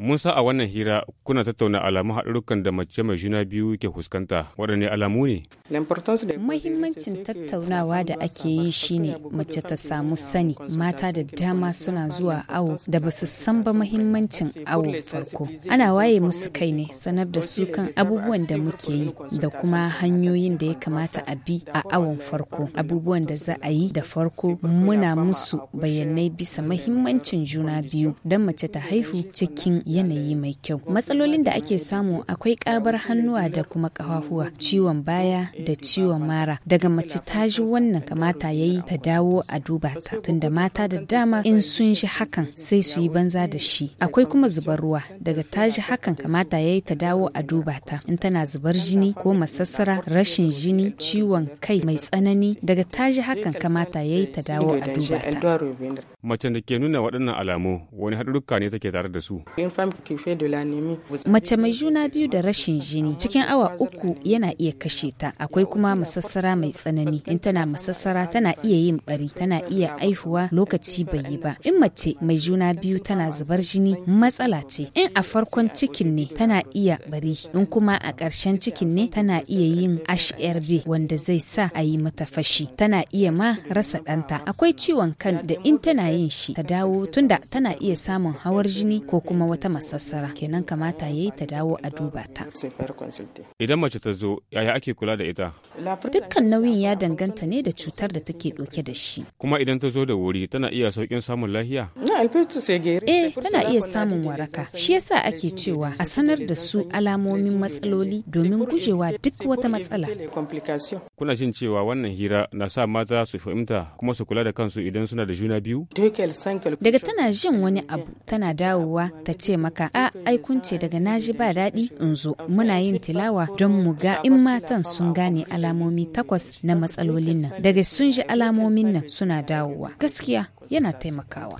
Musa a wannan hira kuna tattauna alamu haɗurukan da mace mai juna biyu ke fuskanta waɗanne alamu ne? Mahimmancin tattaunawa da ake yi shine mace ta samu sani mata da dama suna zuwa awo da basu san ba mahimmancin awo farko. Ana waye musu kai ne sanar da su kan abubuwan da muke yi da kuma hanyoyin da ya kamata a bi a awon farko abubuwan da za a yi da farko muna musu bayanai bisa mahimmancin juna biyu don mace ta haihu cikin yanayi mai kyau matsalolin da ake samu akwai kabar hannuwa da kuma kafafuwa ciwon baya da ciwon mara daga mace ta ji wannan kamata yayi ta dawo a duba ta tunda mata da dama in sun ji hakan sai su yi banza da shi akwai kuma zubar ruwa daga ta ji hakan kamata yayi ta dawo a duba ta in tana zubar jini ko masassara rashin jini ciwon kai mai tsanani daga ta ji hakan kamata yayi ta dawo a duba ta macen da ke nuna waɗannan alamu wani haɗurruka ne take tare da su Mace mai juna biyu da rashin jini cikin awa uku yana iya kashe ta. Akwai kuma masassara mai tsanani. In tana masassara tana iya yin bari, tana iya aihuwa lokaci bai yi ba. In mace mai juna biyu tana zubar jini matsala ce. In a farkon cikin ne tana iya bari, in kuma a ƙarshen cikin ne tana iya yin HRV wanda zai sa a yi mata fashi. Tana iya ma rasa ɗanta. Akwai ciwon kan da in tana yin shi ta dawo tunda tana iya samun hawar jini ko kuma wata ta masassara kenan kamata ya yi ta dawo a duba ta. Idan mace ta zo yaya ake kula da ita? Dukkan nauyin ya danganta ne da cutar da take ɗauke da shi. Kuma idan ta zo da wuri tana iya sauƙin samun lahiya. Eh tana iya samun waraka. Shi yasa ake cewa a sanar da su alamomin matsaloli domin gujewa duk wata matsala. Kuna jin cewa wannan hira na sa mata su fahimta kuma su kula da kansu idan suna da juna biyu? Daga tana jin wani abu tana dawowa ta ce maka a ce daga naji ba daɗi in zo muna yin tilawa don mu ga in matan sun gane alamomi takwas na matsalolin nan daga sun ji alamomin nan suna dawowa gaskiya yana taimakawa